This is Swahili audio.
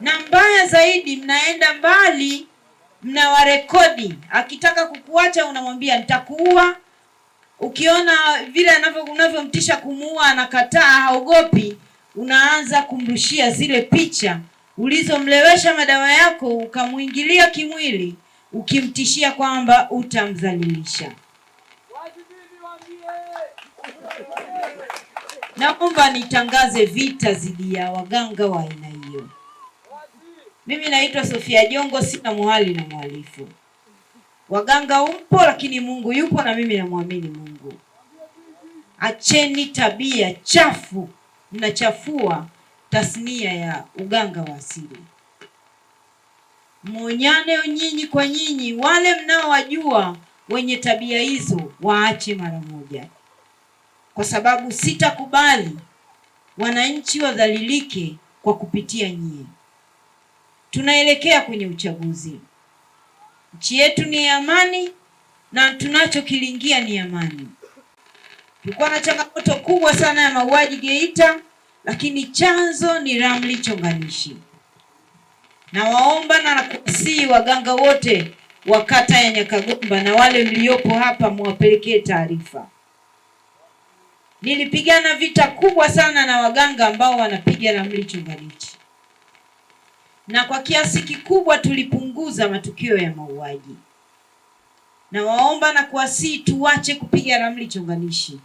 na mbaya zaidi, mnaenda mbali, mnawarekodi. Akitaka kukuacha unamwambia nitakuua. Ukiona vile unavyomtisha kumuua, anakataa, haogopi, unaanza kumrushia zile picha ulizomlewesha madawa yako, ukamwingilia kimwili, ukimtishia kwamba utamdhalilisha. Naomba nitangaze vita dhidi ya waganga wa aina mimi naitwa Sofia Jongo, sina muhali na mhalifu. Waganga mpo lakini Mungu yupo na mimi namwamini Mungu. Acheni tabia chafu, mnachafua tasnia ya uganga wa asili. muonyane nyinyi kwa nyinyi, wale mnaowajua wenye tabia hizo waache mara moja, kwa sababu sitakubali wananchi wadhalilike kwa kupitia nyie tunaelekea kwenye uchaguzi. Nchi yetu ni ya amani na tunachokilingia ni amani. Tulikuwa na changamoto kubwa sana ya mauaji Geita, lakini chanzo ni ramli chonganishi. Nawaomba na, na waganga wote wa kata ya Nyakagomba na wale mliopo hapa mwapelekee taarifa. Nilipigana vita kubwa sana na waganga ambao wanapiga ramli chonganishi na kwa kiasi kikubwa tulipunguza matukio ya mauaji. Nawaomba na kuwasihi tuache kupiga ramli chonganishi.